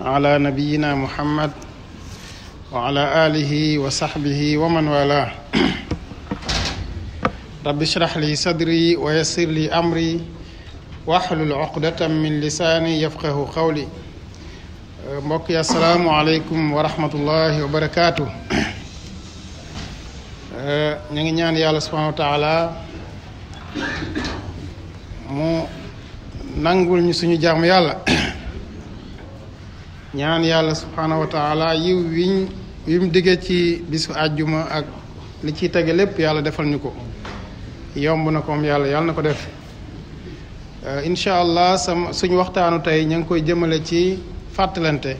ala nabiyina muhammad wa ala alihi wa sahbihi wa man wala rabbi shrah li sadri wa yassir li amri waxlul uqdatan min lisaani yafqahu qawli mbokk yi asalaamu aleykum wa rahmatullahi wa barakaatu ñu ngi ñaan yàlla subhanahu wa taala mu nangul ñu suñu jaamu yàlla ñaan yàlla subhaanahu wa taala yiw wi mu digge ci bisu àjjuma ak li ciy tege lépp yàlla defal ñu ko yomb na koom yàlla yàlla na ko def euh, incha allah sama suñ waxtaanu tey ña ngi koy jëmale ci fàttalante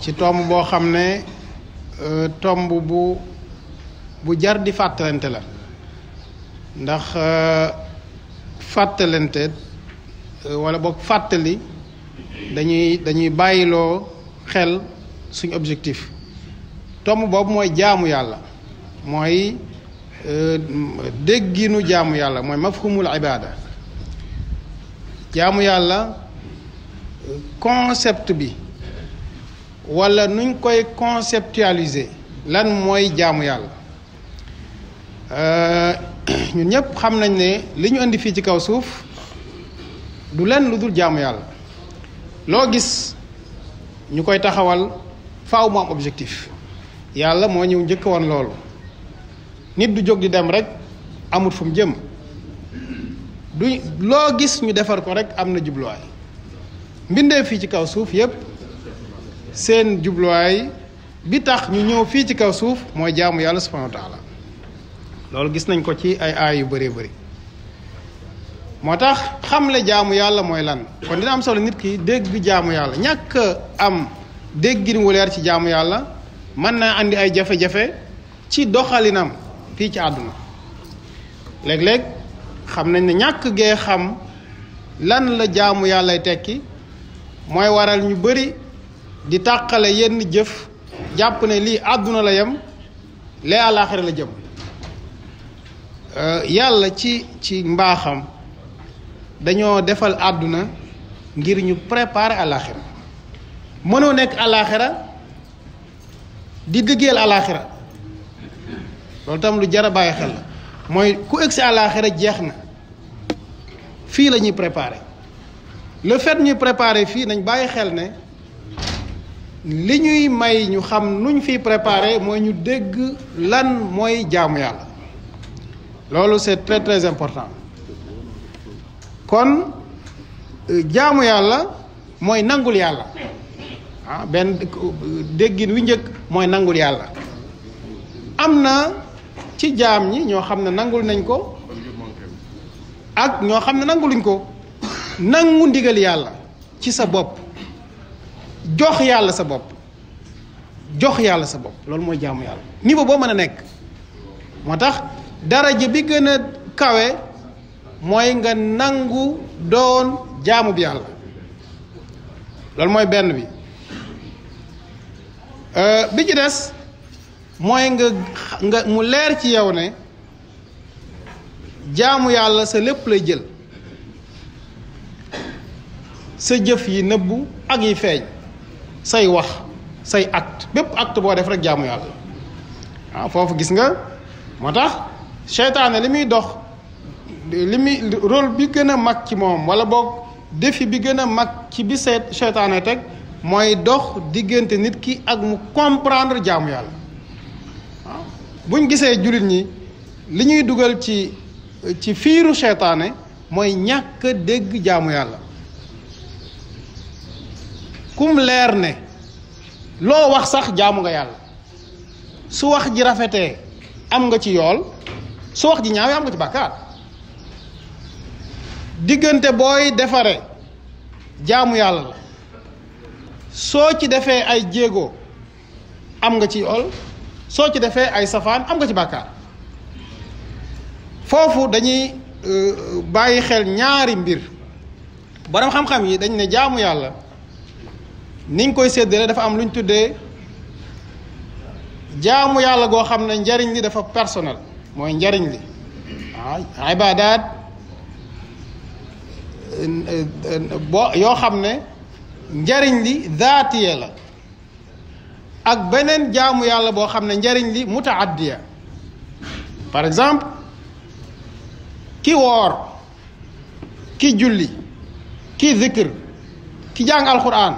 ci tomb boo xam ne euh, tomb bu bu jar di fàttalante la ndax euh, fàttalante wala boog fàttali dañuy dañuy bàyyiloo xel suñu objectif tomb boobu mooy jaamu yàlla mooy euh, dégginu jaamu yàlla mooy mafhumul ibaada jaamu yàlla concept bi wala nuñ koy conceptualiser lan mooy jaamu yàlla euh, ñun ñëpp xam nañ ne li ñu indi fii ci kaw suuf du leen lu dul jaamu yàlla loo gis ñu koy taxawal faaw mu objectif yàlla moo ñëw njëkk woon loolu nit du jóg di dem rek amut fu mu jëm du loo gis ñu defar ko rek am na jubluwaay mbindee fii ci kaw suuf yépp seen jubluwaay bi tax ñu ñëw fii ci kaw suuf mooy jaamu yàlla subhanahu wa taala loolu gis nañ ko ci ay aay yu bëree bëri moo tax xam la jaamu yàlla mooy lan kon dina am solo nit ki dégg jaamu yàlla ñàkk am déggin wu leer ci jaamu yàlla mën naa indi ay jafe-jafe ci doxalinam fii ci àdduna léeg-léeg xam nañ ne ñàkk gee xam la jaamu yàllay tekki mooy waral ñu bari di tàqale yenn jëf jàpp ne lii àdduna la yem lee àllaaxira la jëm euh, yàlla ci ci mbaaxam dañoo defal àdduna ngir ñu préparer àllaaxira mënoo nekk àllaaxira di liggéeyal àllaaxira loolu tam lu jar a bàyyi xel la mooy ku egg si àllaaxira jeex na fii lañuy ñuy préparer le fait ñuy préparer fii nañ bàyyi xel ne li ñuy may ñu xam nuñ fi préparer mooy ñu dégg lan mooy jaamu yàlla loolu c'est très très important. kon euh, jaamu yàlla mooy nangul yàlla ah benn déggin wi njëkk mooy nangul yàlla am na ci jaam ñi ñoo xam ne nangul nañ ko ak ñoo xam ne nanguluñ ko nangu ndigal yàlla ci sa bopp jox yàlla sa bopp jox yàlla sa bopp loolu mooy jaamu yàlla niveau boo mën a nekk moo tax daraja bi gën a kawe mooy nga nangu doon jaamu bi yàlla loolu mooy benn bi euh, bi ci des mooy nga mu leer ci yow ne jaamu yàlla sa lépp lay jël sa jëf yi nëbbu ak yi feeñ say wax say acte bépp acte boo def rek jaamu yàlla waaw ah, foofu gis nga moo tax seytaane li muy dox li muy bi gën a mag ci moom wala boog defi bi gën a mag ci bi seet seytaane teg mooy dox diggante nit ki ak mu comprendre jaamu yàlla waaw ah. buñ gisee jullit ñi li ñuy dugal ci ci fiiru seytaane mooy ñàkk dégg jaamu yàlla kum leer ne loo wax sax jaamu nga yàlla su wax ji rafetee am nga ci yool su wax ji ñaawee am nga ci bàkkaar diggante booy defaree jaamu yàlla la soo ci defee ay jéego am nga ci ol soo ci defee ay safaan am nga ci bàkkaar foofu dañuy euh, bàyyi xel ñaari mbir borom xam-xam yi dañ ne jaamu yàlla niñ koy séddale dafa am lu ñu tuddee jaamu yàlla goo xam ne njariñ li dafa personnel mooy njariñ li waaw ibaadaat boo yoo xam ne njariñ li zaatiya la ak beneen jaamu yàlla boo xam ne njariñ li mutaaddiya par exemple ki woor ki julli ki zikr ki jàng alquran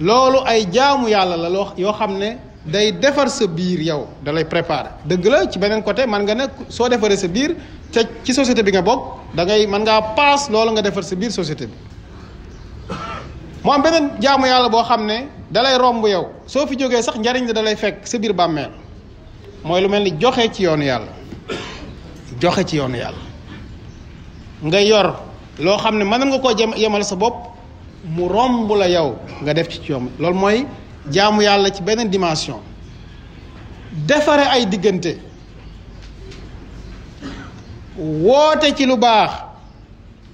loolu ay jaamu yàlla la loo yoo xam ne day defar sa biir yow dalay lay préparer dëgg la ci beneen côté man nga ne soo defaree sa biir ca ci société bi nga bokk da ngay mën ngaa paas loolu nga defar sa biir société bi mu am beneen jaamu yàlla boo xam ne dalay romb yow soo fi jógee sax njariñ la dalay fekk sa biir bàmmeel mooy lu mel ni joxe ci yoonu yàlla joxe ci yoonu yàlla nga yor loo xam ne mën nga koo jëm yemal sa bopp mu romb la yow nga def ci ci coom loolu mooy jaamu yàlla ci beneen dimension defare ay diggante woote ci lu baax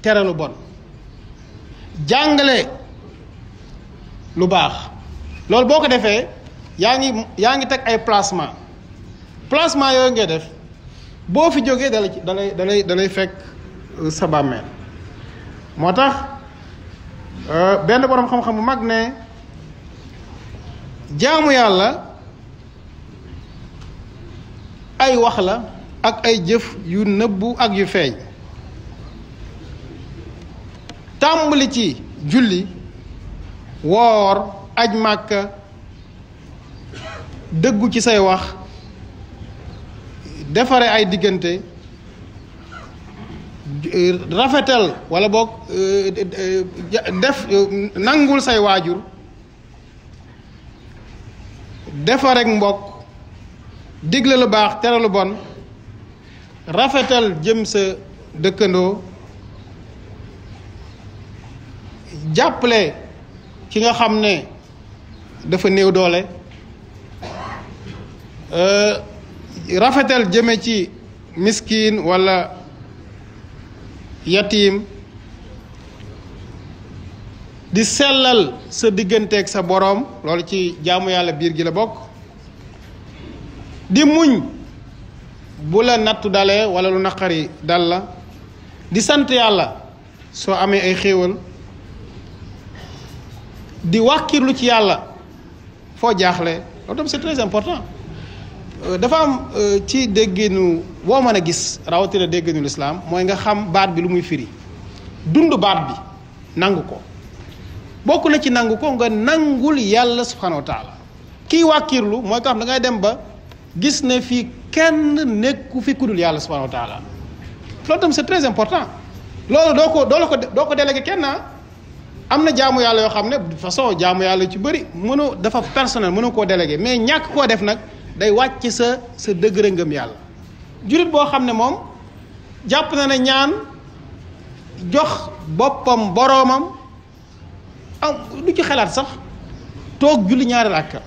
tere lu bon jàngale lu baax loolu boo ko defee yaa ngi yaa ngi teg ay placement placement yooyu ngay def boo fi jógee dalay dalay dalay dalay fekk euh, sa bàmmeel moo tax euh, benn boroom xam-xam bu mag ne jaamu yàlla ay wax la ak ay jëf yu nëbbu ak yu feeñ tàmbali ci julli woor aj màkka dëggu ci say wax defare ay diggante rafetal walla boog def nangul say waajur defarek mbokk digle lu baax tere lu bon rafetal jëm sa dëkkandoo jàppale ki nga xam ne dafa néew doole euh, rafetal jëme ci miskin walla yatim di sellal sa diggante ak sa boroom loolu ci jaamu yàlla biir gi la bokk di muñ bu la nattu dalee wala lu naqari dal la di sant yàlla soo amee ay xéewal di wàkkirlu ci yàlla foo jaaxle loolu tam c'est très important euh, dafa am euh, ci dégginu boo mën a gis rawatina dégginu lislaam mooy nga xam baat bi lu muy firi dund baat bi nangu ko bokk na ci nangu ko nga nangul yàlla subhanahu wa taala kiy wàkkirlu mooy ko xam da dem ba gis ne fii kenn nekku fi kudul yàlla subhanahu wa taala loolu tam important loolu doo ko doo la ko doo ko délégué kenn ah. am na jaamu yàlla yoo xam ne de façon jaamu yàlla ci bari mënoo dafa personnel mënu koo délégué mais ñàkk koo def nag day wàcc sa sa degré yàlla jurit boo xam ne moom jàpp na ne ñaan jox boppam boroomam am du ci xalaat sax toog julli ñaari ràkka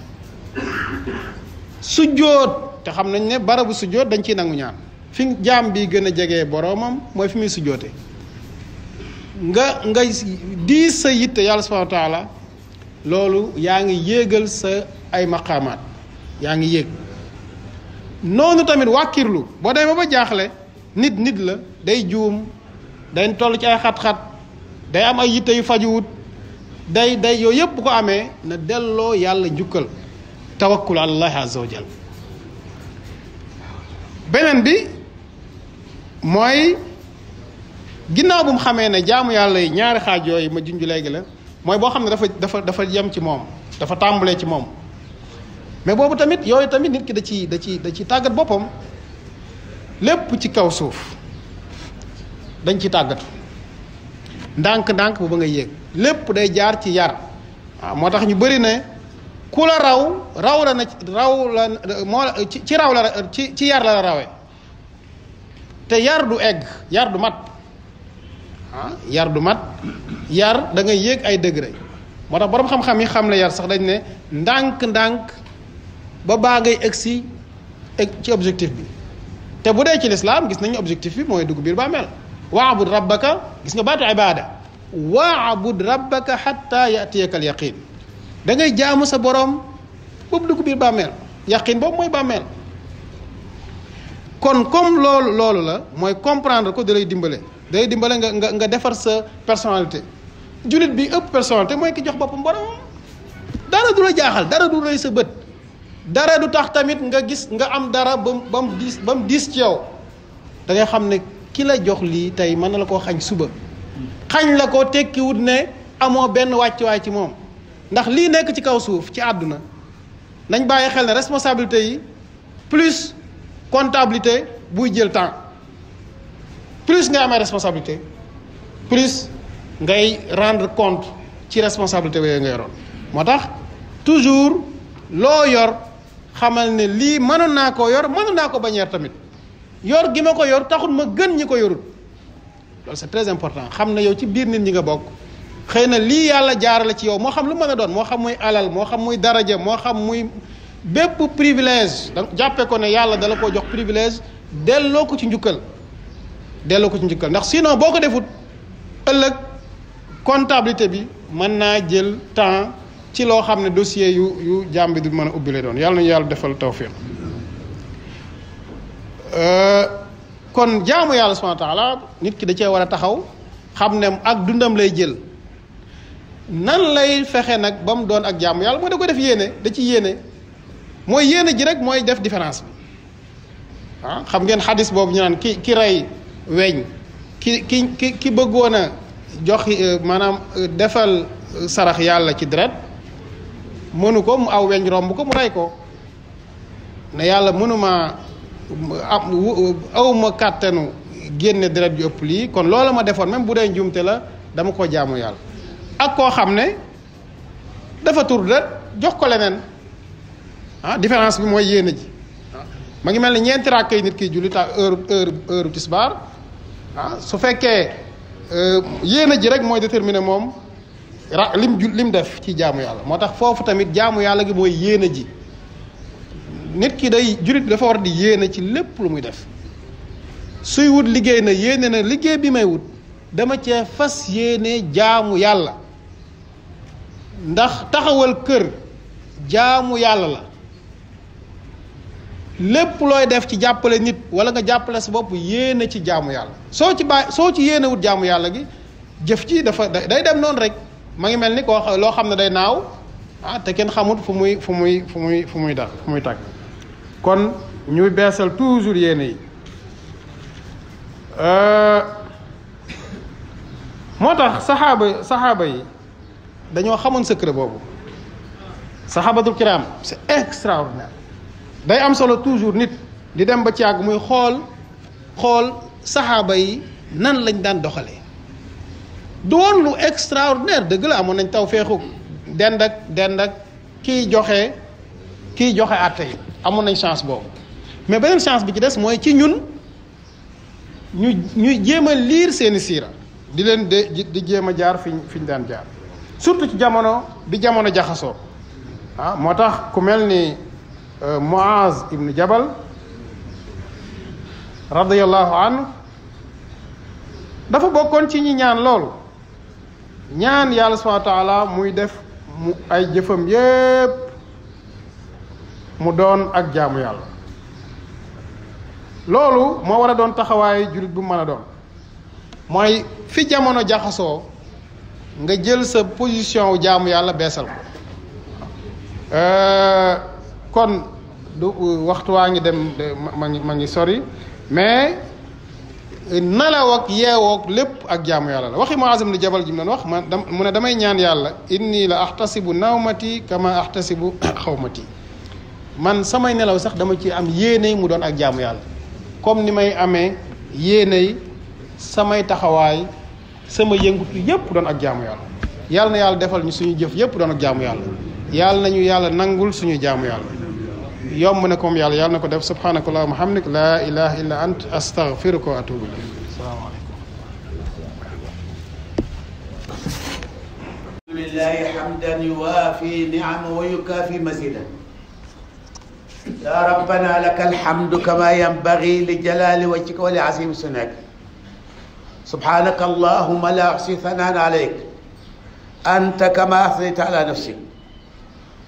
sujjóot te xam nañ ne barabu sujjoot dañ ciy nangu ñaan fi jaam bi gën a jege boroomam mooy fi muy sujjoote nga nga diis sa yitte yàlla subhanahu wa taala loolu yaa ngi yéegal sa ay maqaamaat yaa ngi yéeg noonu tamit wàkkirlu boo demee ba jaaxle nit nit la day juum day toll ci ay xat-xat day am ay yitte yu fajuwut day day yooyu yëpp ko amee na delloo yàlla njukkal tawakkul àlallahi azza wa beneen bi mooy ginnaaw bu mu xamee ne jaamu yàlla yi ñaari xaaj yooyu ma junj léegi la mooy boo xam ne dafa dafa dafa yem ci moom dafa tàmbalee ci moom mais boobu tamit yooyu tamit nit ki da ci da ci da ci tàggat boppam lépp ci kaw suuf dañ ci tàggatu ndànk-ndànk bu ba nga yéeg lépp day jaar ci yar waaw moo tax ñu bari ne ku la raw raw la na ci raw la ci yar la rawee te yar du egg yar du mat yar du mat yar dangay ngay yéeg ay degré moo tax boroom xam-xam yi xam la yar sax dañ ne ndànk-ndànk ba baa ngay egsi ci objectif bi te bu dee ci lislaam gis nañu objectif bi mooy dugg biir bàmmeel waabud rabbaka gis nga baatu ibaada waabud rabbaka xatta yatiyaka al yaqin da ngay jaamu sa boroom boobu dugg biir bàmmeel yàqin boobu mooy bàmmeel kon comme loolu loolu la mooy comprendre ko dalay dimbale dalay dimbale nga nga nga defar sa personnalité jullit bi ëpp personnalité mooy ki jox boppam boroomam dara du la jaaxal dara du rëy sa bët dara du tax tamit nga gis nga am dara ba mu ba diis ba mu diis ci yow dangay xam ne ki la jox lii tey mën na la ko xañ suba hmm. xañ la ko tekkiwut ne amoo benn wàccuwaay ci moom ndax lii nekk ci kaw suuf ci àdduna nañ bàyyi xel ne responsabilité yi plus comptabilité buy jël temps plus ngay amee responsabilité plus ngay rendre compte ci responsabilité yooyu nga yoroon moo tax toujours loo yor xamal ne lii mënoon naa koo yor mënoon naa ko bañ tamit yor gi ma ko yor taxul ma gën ñi ko yorut loolu c'est très important xam na yow ci biir nit ñi nga bokk xëy na lii yàlla jaarale ci yow moo xam lu ma a doon moo xam muy alal moo xam muy daraja moo xam muy bépp privilège da jàppe ko ne yàlla dala koo jox privilège delloo ko ci njukkal delloo ko ci njukkal ndax sinon boo ko defut ëllëg comptabilité bi mën naa jël temps ci loo xam ne dossier yu yu jàmm bi du mën a ubbi lay doon yàlla nañu yàlla defal tawfiq euh, kon jaamu yàlla subhanahu wa taala nit ki da cee war a taxaw xam ne ak dundam lay jël nan lay fexe nag ba mu doon ak jàmm yàlla mooy da ko def yéene da ci yéene mooy yéene ji rek mooy def différence bi ah, xam ngeen xadis boobu ñu naan ki ki rey weñ ki ki ki ki bëggoon a jox eh, maanaam eh, defal sarax yàlla ci deret mënu ko mu aw weñ romb ko mu rey ko ne yàlla mënuma eh, am aw ma kàttanu génne deret ju ëpp lii kon loola ma defoon même bu dee njuumte la dama ko jaamu yàlla ak koo xam ne dafa tur da jox ko leneen ah différence bi mooy yéene ji ma ngi mel ni ñeenti rakk yi nit kiy julli ta heure heure heure tisbaar ah su fekkee euh, yéene ji rek mooy déterminer moom ra lim ju lim def ci jaamu yàlla moo tax foofu tamit jaamu yàlla gi mooy yéene ji nit ki day jullit dafa war di yéene ci lépp lu muy def suy wut liggéey na yéene na liggéey bi may wut dama cee fas yéene jaamu yàlla ndax taxawal kër jaamu yàlla la lépp looy def ci jàppale nit wala nga jàppale sa bopp yéene ci jaamu yàlla soo ci bàyyi soo ci yéene wut jaamu yàlla gi jëf ci dafa day dem noonu rek ma ngi mel ni koo loo xam ne day naaw ah te kenn xamut fu muy fu muy fu muy fu muy dal fu muy tàgg kon ñuy beesal toujours yéene yi euh, moo tax saxaaba saxaaba yi dañoo xamoon secret boobu saxaabatul kiram c'est extraordinaire day am solo toujours nit di dem ba ci àgg muy xool xool saxaaba yi nan lañ daan doxalee du woon lu extraordinaire dëgg la amoon nañ taw feexu dend ak dend ak kiy joxe kiy joxe àtte yi amoon nañ chance boobu mais beneen chance bi ci des mooy ci ñun ñu ñuy jéem a liir seeni siira di leen de di jéem a jaar fi ñu fi ñu daan jaar surtout ci jamono bi jamono jaxasoo ah moo tax ku mel ni euh, Muaz ibn Jabal radiyallahu anhu dafa bokkoon ci ñi ñaan lool ñaan yàlla subhanahu wa taala muy def mu ay jëfam yépp mu doon ak jaamu yàlla loolu moo war a doon taxawaayu jullit bu mën a doon mooy fi jamono jaxasoo nga jël sa position wu jaamu yàlla beesal ko euh, kon du waxtu waa ngi dem ma ngi ma ngi sori mais nelaw ak yeewoog lépp ak jàmm yàlla la waxi Muazim li jabal ji mu doon wax man mu ne damay ñaan yàlla inni la axtasibu nawmati kama axtasibu xawmati man samay nelaw sax dama ci am yéenay mu doon ak jàmm yàlla comme ni may amee yéenay samay taxawaay sama yëngutu yépp doon ak jaamu yàlla yàlla na yàlla defal ñu suñu jëf yépp doon ak jaamu yàlla yàlla nañu yàlla nangul suñu jaamu yàlla yomb na koom yàlla yàlla na ko def subhanaka allahumma hamdik la ilaha illa ant astaghfiruka wa atubu ilayk salaamaaleykum alhamdulillahi hamdan yuwafi ni'amahu wa yukafi mazidahu ya rabbana laka alhamdu kama yanbaghi li jalali wajhika wa li azimi sunnati سبحانك اللهم لا أحصي ثناء عليك أنت كما أثنيت على نفسك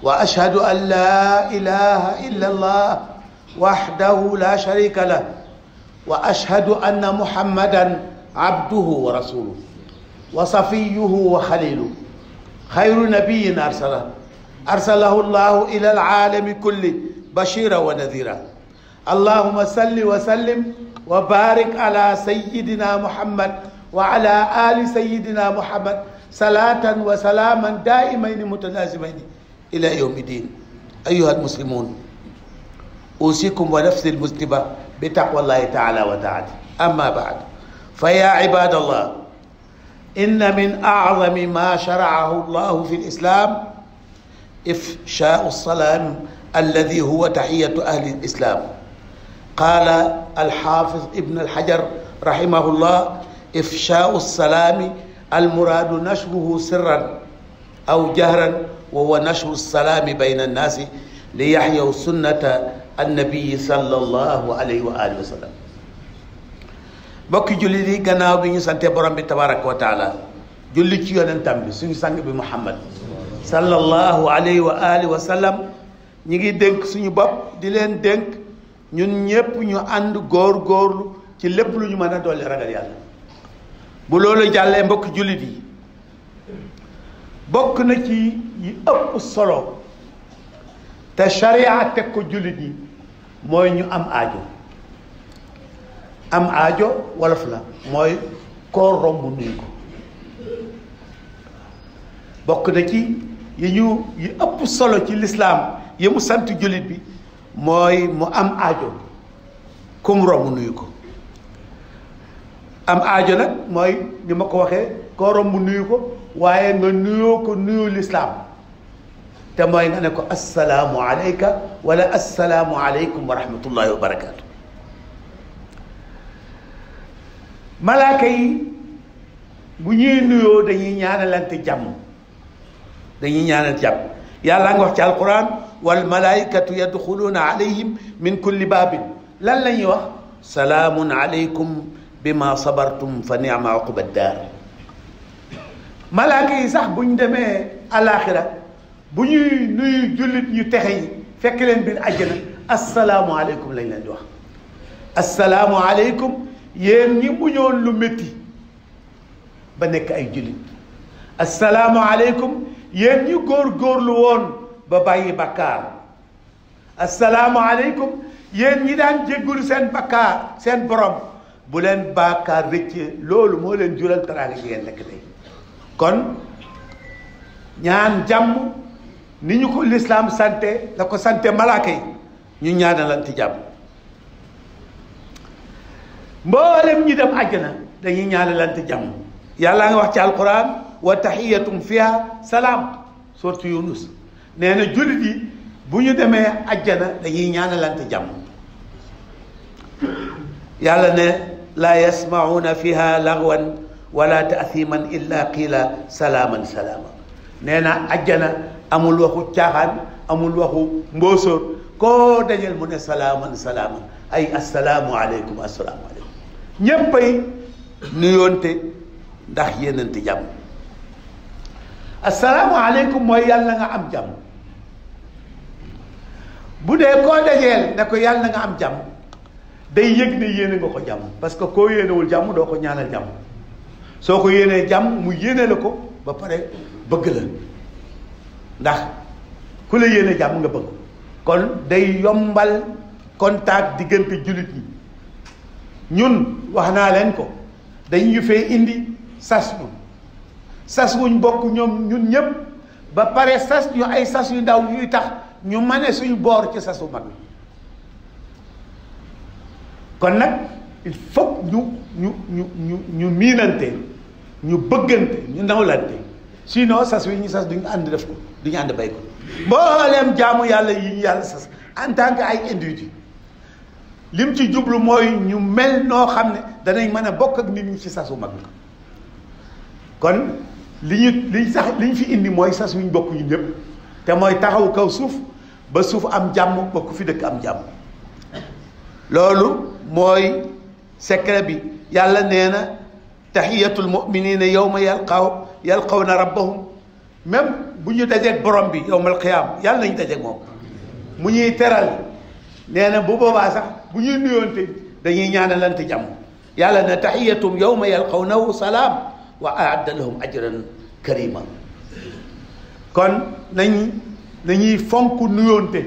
وأشهد أن لا إله إلا الله وحده لا شريك له وأشهد أن محمدا عبده ورسوله وصفيه وخليله خير نبي أرسله أرسله الله إلى العالم كله بشيرا ونذيرا allahuma salli wa sallim wa barik ala sayidina muhammad wa ala ali sayidina muhammad salaatan wa salaaman daimayni mutanazimayni ila yawmi din ayuha almuslimun usikum wa nafsi almuslima bi taqwa allahi taala wa taati amma baad fa ya ibad allah inna min acdami ma sharaahu allahu fi lislam ifshaau salaam alladi huwa taxiyatu ahli lislam qaala alxaafiz ibn alxajar rahimahullah ifshaau salaami almuraadu nashruhu sirran aw jahran wa huwa nashru salaami bayna annaasi li yaxyaw sunnata annabiyi sallallahu alayhi wa alihi wa sallam mbokki jullit yi gannaaw bi ñu sante borom bi tabaraka wa taala julli ci yonentam bi suñu sang bi muhammad sallallahu alayhi wa alihi wa sallam ñi ngi dénk suñu bopp di leen dénk ñun ñëpp ñu ànd góor góorlu ci lépp lu ñu mën a dolli ragal yàlla bu loolu jàllee mbokk jullit yi bokk na ci yi ëpp solo te sharia teg ko jullit yi mooy ñu am ajo am aajo wolof la mooy koo romb nuyu ko bokk na ci yi ñu yi ëpp solo ci lislaam yi mu sant jullit bi mooy mu am ajo kum romb nuyu ko am ajo nag mooy ni ma ko waxee koo romb nuyu ko waaye nga nuyoo ko nuyu lislaam te mooy nga ne ko assalaamu alayka wala assalaamu alaykum wa rahmatullahi wa barakaatu malaaka yi bu ñuy nuyoo dañuy ñaanalante jàmm dañuy ñaanal jàmm yàlla nga wax ci alquran wal malaikatu yadxuluuna alayhim min kulli baabin lan la ñuy wax salaamun aleykum bima sabartum fa niama uqba daar malaaka yi sax bu ñu demee alaxira bu ñuy nuyu jullit ñu texe yi fekk leen biir àjjana asalaamualeykum lañ leen di wax asalaamualeykum yéen ñi muñoon lu métti ba nekk ay jullit asalaamualeykum yéen ñi góorgóorlu woon ba bàyyi bakkaar asalaamualeykum yéen ñi daan jéggulu seen bakkaar seen borom bu leen bakkaar rëcc loolu moo leen jural taraale gi ngeen nekk tey kon ñaan jàmm ni ñu ko lislaam sante la ko sante malaaka yi ñu ñaanalanti jàmm mu ñi dem àjjana dañuy ñaanalanti jàmm yàllaa nga wax ci alquran wa tahiyatum fiha salaam surtout yunus nee na jullit bu ñu demee ajjana dañuy ñaanalante jàmm yàlla ne laa yasmauna fiha laghwan wala taathiman illa qiila salaaman salaama nee na ajjana amul waxu caaxaan amul waxu mbóosóor koo dajel mu ne salaaman salaaman ay assalaamu aleykum assalaamu aleykum ñéppay nuyoonte ndax yéenante jàmm asalaamualeykum mooy yàlla na nga am jàmm bu dee koo dajeel ne ko yàlla nga am jàmm day yëg ne yéene nga ko jàmm parce que koo yéenewul jàmm doo ko ñaanal jàmm soo ko yéenee jàmm mu yéene la ko ba pare bëgg la ndax ku la yéene jàmm nga bëgg kon day yombal contact diggante jullit yi ñun wax naa leen ko dañu fee indi sas ñu sas wuñ bokk ñoom ñun ñëpp ba pare sas ñu ay sas yu ndaw yuy tax ñu mane suñu boor ci sasu mag kon nag il faut ñu ñu ñu ñu ñu miinante ñu bëggante ñu nawlante sinon sas wi ñu sas duñu ànd def ko duñu ànd bay ko mbooleem jaamu yàlla yi ñu yàlla sas en tant que ay individu lim ci jublu mooy ñu mel noo xam ne danañ mën a bokk ak nit ñi ci sasu mag mi kon li ñu liñ sax liñ fi indi mooy sas wi ñu bokk ñu ñëpp te mooy taxaw kaw suuf ba suuf am jàmm ba ku fi dëkk am jàmm loolu mooy secret bi yàlla nee na taxiyatul muminina yawma yalqaw yalqawna rabbahum même bu ñu dajeeg borom bi yawmal qiyaam yàlla nañ dajeeg moom mu ñuy teral nee na bu boobaa sax bu ñuy nuyoonte dañuy ñaana ñaanalante jàmm yàlla na taxiyatum yawma yalqawnahu salaam waa wa aadda lahum ajran karima kon nañ nañuy fonk nuyoonte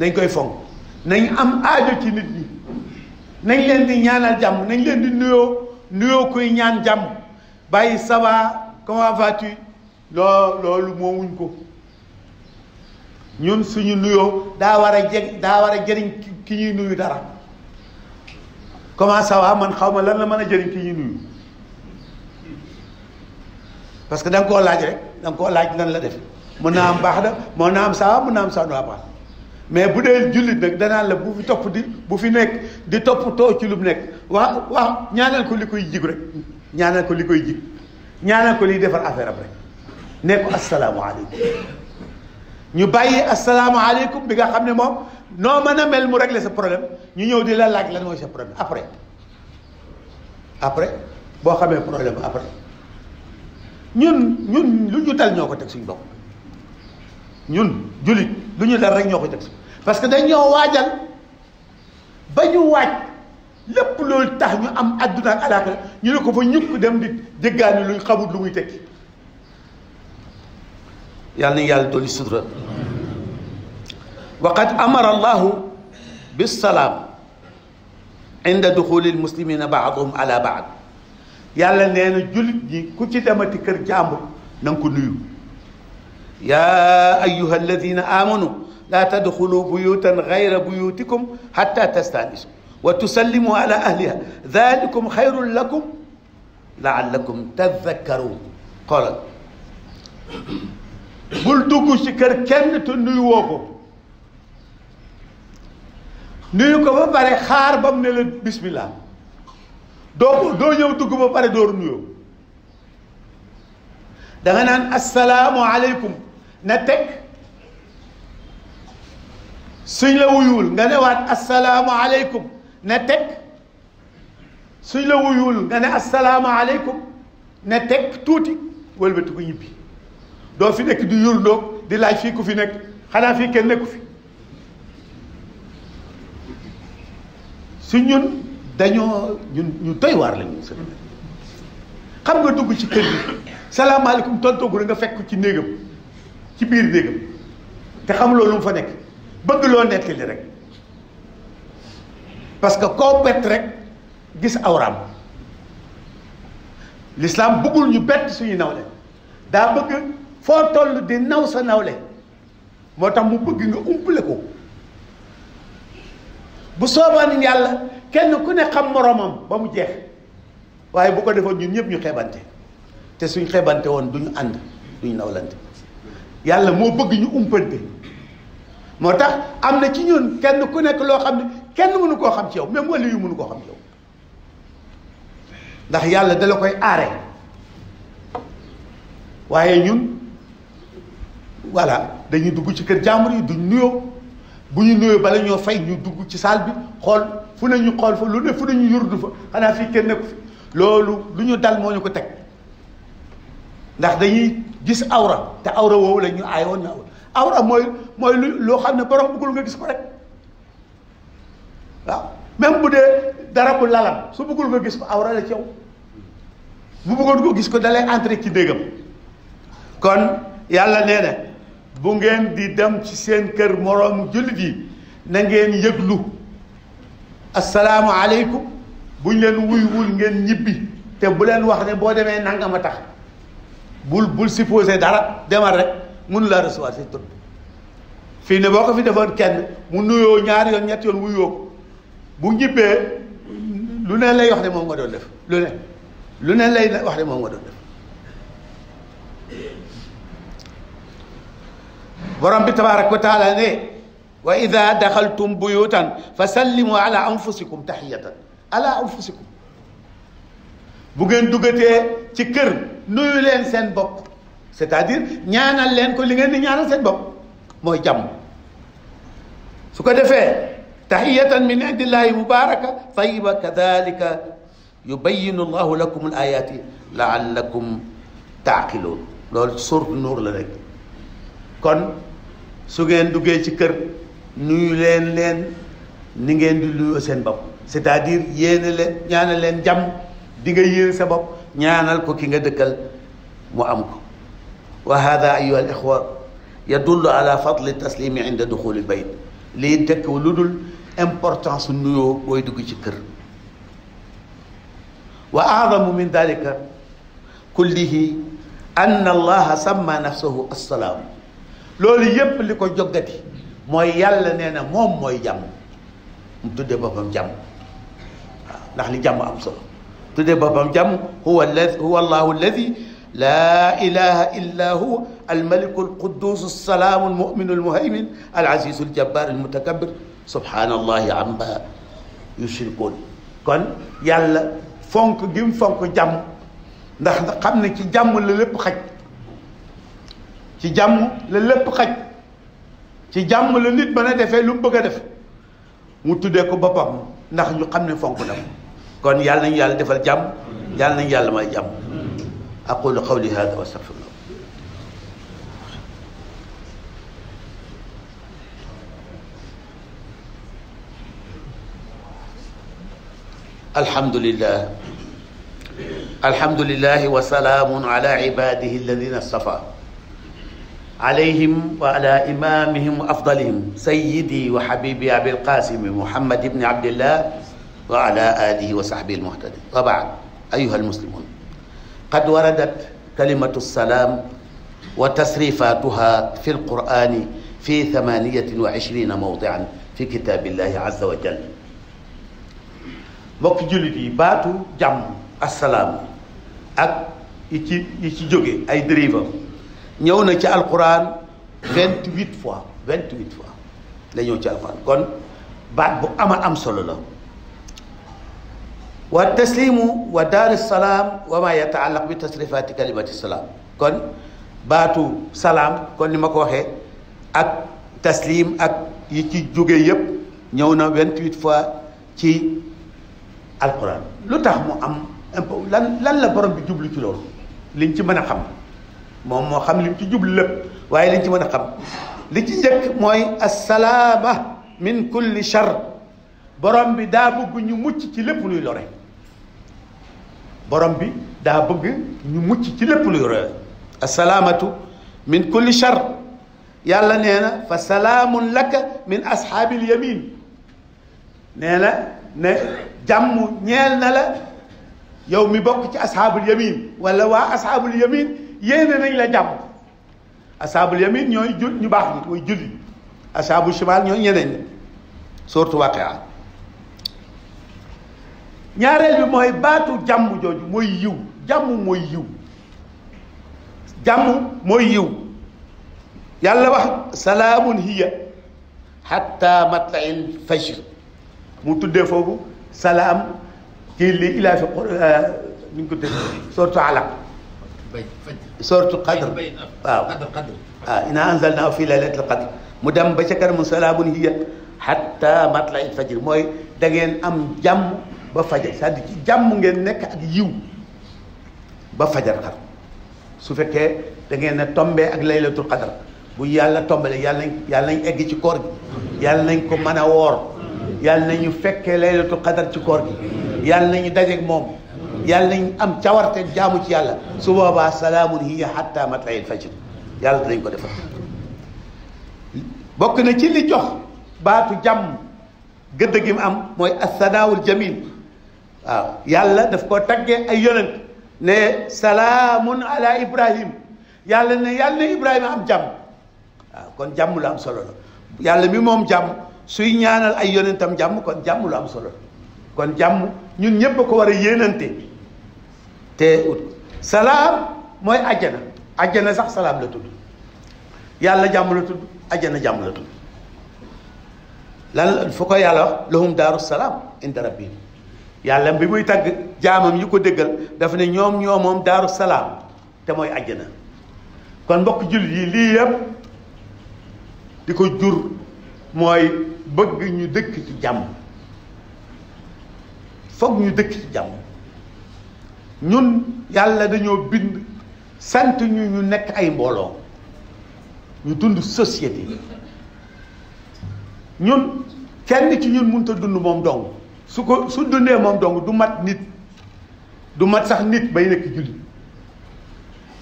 nañ koy fonk nañ am aajo ci nit ñi nañ leen di ñaanal jàmm nañ leen di nuyoo nuyoo koy ñaan jàmm bàyyi sawa va comment vas-tu loolu moomuñ ko ñun suñu nuyoo daa war a jeg jëriñ ki ñuy nuyu dara comment ça man xaw ma lan la mën a jëriñ ki ñuy nuyu parce que da nga koo laaj rek da koo laaj nan la def mën naa am baax na moom naa am saa mën naa am saa du mais bu dee jullit nag danaa la bu fi topp di bu fi nekk di topp too ci lu mu nekk wax wax ñaaneel ko li koy jig rek ñaanal ko li koy jig ñaanal ko liy defar affaire am rek ne ko asalaamaaleykum ñu bàyyi asalaamaaleykum bi nga xam ne moom noo mën a mel mu régler sa problème ñu ñëw di la laaj lan mooy sa problème après après boo xamee problème après ñun ñun lu ñu dal ñoo ko teg suñu bopp ñun jullit lu ñu dal rek ñoo ko teg suñu parce que dañoo waajal ba ñu waaj lépp loolu tax ñu am àdduna ak alaaka ñu ne ko fa ñukk dem di jéggaani luñ xamut lu muy tekki yàlla na yàlla dolli sutura wa qad amara allahu bis salaam inda duxuli almuslimina baadhum ala baad yàlla nee na jullit ñi ku ci demati kër jàmbur na nga ko nuyu yaa ayyuha alladina amanu laa tadxulu buyutan gayra buyutikum xatta tastanisu wa tusallimu ala ahliha dalikum xayrun lakum laallakum tadakkaruun xoolal bul dugg ci kër kenn te nuyu woo ko nuyu ko ba pare xaar ba mu ne la bismillah doo doo ñëw dugg ba pare door nuyoo da nga naan asalaamu aleykum na teg suñ la wuyuwul nga ne waat asalaamu aleykum teg suñ la wuyuwul aleykum na teg tuuti wëlbati ku ñibbi doo fi nekk di yurndoog di laaj fii ku fi nekk xanaa fii kenn nekku fi su dañoo ñun ñu doy waar la ñun Sénégal xam nga dugg ci kër gi salaamaaleykum tontoogu na nga fekk ci néegam ci biir néegam te xam loolu mu fa nekk bëgg loo nettali rek parce que koo bett rek gis awraam l'islam bëggul ñu bett suñu nawle daa bëgg foo toll di naw sa nawle moo tax mu bëgg nga umpale ko bu soobaan yàlla kenn ku ne xam moroomam ba mu jeex waaye bu ko defoon ñun ñëpp ñu xeebante te suñ xebante woon duñu ànd duñu nawlante yàlla moo bëgg ñu umpante moo tax am na ci ñun kenn ku nekk loo xam ne kenn mënu koo xam ci yow même wala yu mënu koo xam ci yow ndax yàlla dala koy aare waaye ñun voilà dañuy dugg ci kër jàmbur yi duñ nuyoo bu ñu nuyoo bala ñoo fay ñu dugg ci saal bi xool fu ne ñu xool fa lu ne fu ne ñu yurdu fa xanaa fii kenn nekku fi loolu lu ñu dal moo ñu ko teg ndax dañuy gis awra te awra woowu la ay aayoon na awra mooy mooy lu loo xam ne borom bëggul nga gis ko rek waaw même bu dee dara bu lalam su bëggul nga gis ko awra la ci yow bu bëggoon ko gis ko dalay entrer ci néegam kon yàlla neene bu ngeen di dem ci seen kër moroomu jullit yi na ngeen yëglu asalaamualeykum buñ leen wuyuwul ngeen ñibbi te bu leen wax ne boo demee nangam a tax bul bul supposé dara demal rek mënu laa recevoir si tur fii ne boo ko fi defoon kenn mu nuyoo ñaar yoon ñetti yoon wuyoo ko bu ñibbee lu ne lay wax ne moom nga doon def lu ne lu ne lay wax ne moom nga doon def borom bi tabaraka wa taala ne wa ida daxaltum buyutan fa sallimu ala anfusikum tahiyatan ala anfusikum bu ngeen duggatee ci kër nuyu leen seen bopp c'est-à-dire ñaanal leen ko li ngeen di ñaanal seen bopp mooy jàmm su ko defee tahiyatan min indillahi mubaraka tayiba kadalika yubayinu llahu lakum al ayati laallakum taaqiluun loolu surat nuur la rek kon su ngeen duggee ci kër nuyu leen leen ni ngeen di nuyoo seen bopp c'est-à-dire yéene leen ñaanal leen jàmm di nga yéene sa bopp ñaanal ko ki nga dëkkal mu am ko wa hada ayuha al ixwa yadullu ala fadli taslimi inda duxuli bayt lii tekk lu dul importance su nuyoo booy dugg ci kër wa aadamu min dalika kullihi anna allaha samma nafsahu assalaamu loolu yépp li ko joggati mooy yàlla nee na moom mooy jàmm mu tudde boppam jàmm waaw ndax li jàmm am solo tudde boppam jàmm huwa alladi huwa allahu alladi laa ilaha illa huwa almaliku alquddus alsalaamu almuminu almuhaymin alazizu aljabbar almutakabir subhanallahi amma yushrikun kon yàlla fonk gi mu fonk jàmm ndax xam ne ci jàmm la lépp xaj ci jàmm la lépp xaj ci jàmm la nit mën a defee lu mu bëgg a def mu tuddee ko boppam ndax ñu xam ne fonk na kon yàlla nañu yàlla defal jàmm yàlla nañu yàlla may jàmm aqulu qawli hada wa astaghfirullah alhamdulillah alhamdulillah wa salaamun ala ibadihi alladina stafa alayhim wa ala imamihim wa afdalihim sayyidi wa habibi abil qasim muhammad ibni abdillah wa ala alihi wa sahbihi almuhtadi wa baad ayuha almuslimun qad waradat kalimatu salaam wa tasrifatuha fi alqur'ani fi thamaniyatin wa ishrina mawdian fi kitabillahi azza wa jalla mbokk jullit yi baatu jàmm asalaam ak yi ci yi ci jóge ay dérivam ñëw na ci alquran vingt fois vingt la ñëw ci alquran kon baat bu ama am solo la wa taslimu wa daar salaam wa ma yataallaq bi tasrifati kalimati salaam kon baatu salaam kon ni ma ko waxee ak taslim ak yi ci jóge yépp ñëw na vingt huit fois ci alquran lu tax mu am la lan la borom bi jublu ci loolu liñ ci mën a xam moom moo xam li mu ci jublu lépp waaye liñ ci mën a xam li ci njëkk mooy assalaama min kulli shar borom bi daa bëgg ñu mucc ci lépp luy lore borom bi daa bëgg ñu mucc ci lépp luy lore assalaamatu min kulli shar yàlla nee na fa salaamun laka min ashaabil yamin nee na ne jàmm ñeel na la yow mi bokk ci ashaabul yamin wala waa ashaabul yamin yéene nañ la jàmm asab yamin ñooy jul ñu baax ñi mooy julli asaabu shimal ñooy ñeneen ñi surtout waqia ñaareel bi mooy baatu jàmm jooju mooy yiw jàmm mooy yiw jàmm wax salaamun hiya hatta matla'il fajr mu tuddee foogu salaam ci ilaa fi nu ñu ko dégg surtout alaq sooratul qadr waaw waaw inaa anzalnaahu fii laylatil qadr mu dem ba ca kanam salaamun hiya hatta matla'il fajr mooy da am jàmm ba fajar c'est-à-dire ci jàmm ngeen nekk ak yiw ba fajar xar su fekkee da ngeen a tombé ak laylatul qadr bu yàlla tombale yàlla nañ yàlla nañ egg ci koor gi yàlla nañ ko mën a woor yàlla nañu fekkee laylatul qadr ci koor gi yàlla nañu dajeeg moom yàlla nañ am cawarte jaamu ci yàlla su boobaa salaamun hiya hatta matla'il fajr yàlla dinañ ko defal bokk na ci li jox baatu jàmm gëdd gi mu am mooy assanaawul jamil waaw yàlla daf koo taggee ay yonent ne salaamun ala ibrahim yàlla ne yàlla ibrahima am jàmm waaw kon jàmm lu am solo yàlla mi moom jàmm suy ñaanal ay yonentam jàmm kon jàmm lu am solo kon jàmm ñun ñëpp a ko war a yéenante te ut salaam mooy ajjana ajjana sax salaam la tudd yàlla jàmm la tudd ajjana jàmm la tudd lan fu ko yàlla wax lahum daaru salaam inda rabbihim yàlla bi muy tagg jaamam yi ko dëggal dafa ne ñoom ñoo daaru salaam te mooy ajjana kon mbokk jullit yi lii yëpp di ko jur mooy bëgg ñu dëkk ci jàmm foog ñu dëkk ci jàmm ñun yàlla dañoo bind sant ñu ñu nekk ay mbooloo ñu dund société ñun kenn ci ñun mënut a dund moom dong su ko su dundee moom dong du mat nit du mat sax nit bay nekk jullit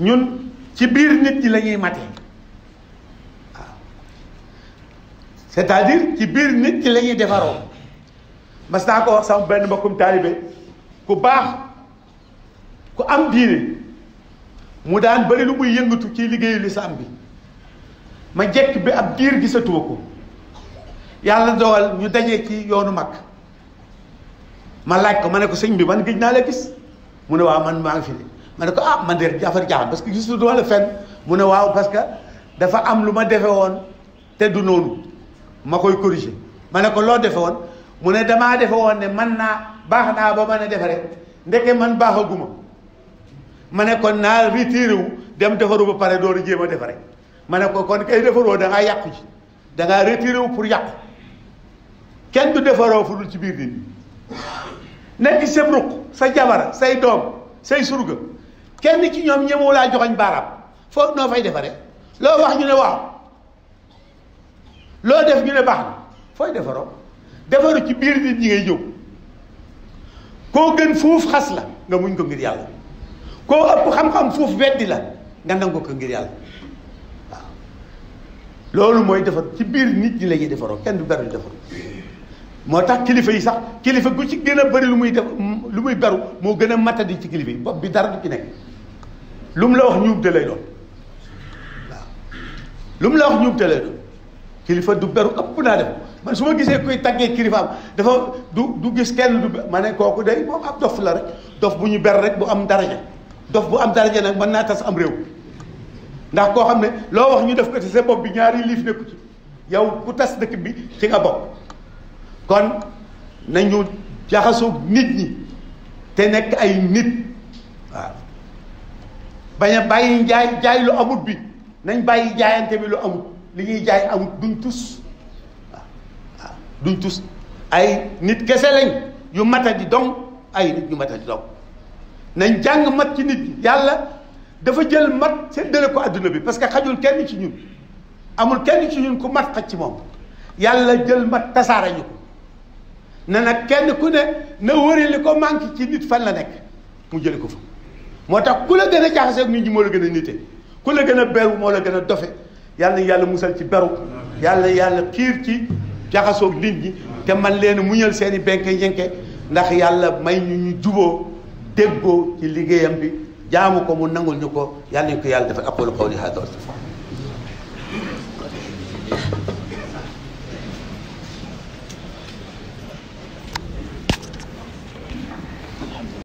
ñun ci biir nit ñi lañuy ñuy mate waaw c'est-à-dire ci biir nit ñi lañuy ñuy defaroo mas naa ko wax sama benn mbokkum taalibe ku baax. ku am diine mu daan bari lu muy yëngatu ci liggéeyu lislaam bi ma jekk bi ab diir gisatuma ko yàlla dogal ñu daje ci yoonu mag ma laaj ko ma ne ko sëñ bi man gëj naa la gis mu ne waaw man maa ngi fi de ma ne ko ah man jafar jaaxal parce que gisul doole fenn mu ne waaw parce que dafa am lu ma defe woon te du noonu ma koy corriger ma ne ko loo defe woon mu ne damaa defe woon ne man naa baax naa ba mën a defe ndeke man baaxaguma ma ne kon naa retiré dem defaru ba pare doo a jéem a defare ma ne ko kon kay defaroo dangay yàqu ci da ngaa pour yàqu kenn du defaroo fu dul ci biir nit nekk sa ruq sa jabar say doom say surga kenn ci ñoom ñemewu laa joxoñ baaraam foo noo fay defare loo wax ñu ne waaw loo def ñu ne baax na fooy defaroo defaru ci biir nit ñi ngay jóg koo gën fuuf xas la nga muñ ko ngir yàlla koo ëpp xam-xam foofu weddi la nga nangu ko ngir yàlla waaw loolu mooy defar ci biir nit ñi la defaroo kenn du beru defaru moo tax kilifa yi sax kilifa gu ci gën a bëri lu muy def lu muy beru moo gën a matadi ci kilifa yi bopp bi dara du ci nekk lu mu la wax ñuub de lay doon la wax ñuub de kilifa du beru ëpp naa def man su ma gisee kuy taggee kilifaam dafa du du gis kenn du ma ne kooku day moom ab dof la rek dof bu ñu ber rek bu am daraja dof bu am daraja nag mën naa tas am réew ndax koo xam ne loo wax ñu def ko ci sa bi ñaari liif nekku ci yow ku tas dëkk bi ci nga bokk kon nañu jaxasoo nit ñi te nekk ay nit waaw bañ a bàyyi jaay jaay lu amut bi nañ bàyyi jaayante bi lu amut li ñuy jaay amut duñ tus waaw waaw duñ tus ay nit kese lañ yu mata di dong ay nit ñu mata di dong nañ jàng mat ci nit yàlla dafa jël mat séddale ko àdduna bi parce que xajul kenn ci ñun amul kenn ci ñun ku mat xaj ci moom yàlla jël mat tasaare ñu ko ne nag kenn ku ne na wëri ko mànk ci nit fan la nekk mu jëli ko fa moo tax ku la gën a jaxasee ak nit ñi moo la gën a nite ku la gën a beru moo la gën a dofe yàlla na yàlla musal ci beru yàlla yàlla xiir ci jaxasoog nit ñi te man leen muñal seen i benke yenke ndax yàlla may ñu ñu juboo déggoo ci liggéeyam bi jaamu ko mu nangul ñu ko yàlla ñu ko yàlla dafa aqulu qawli hada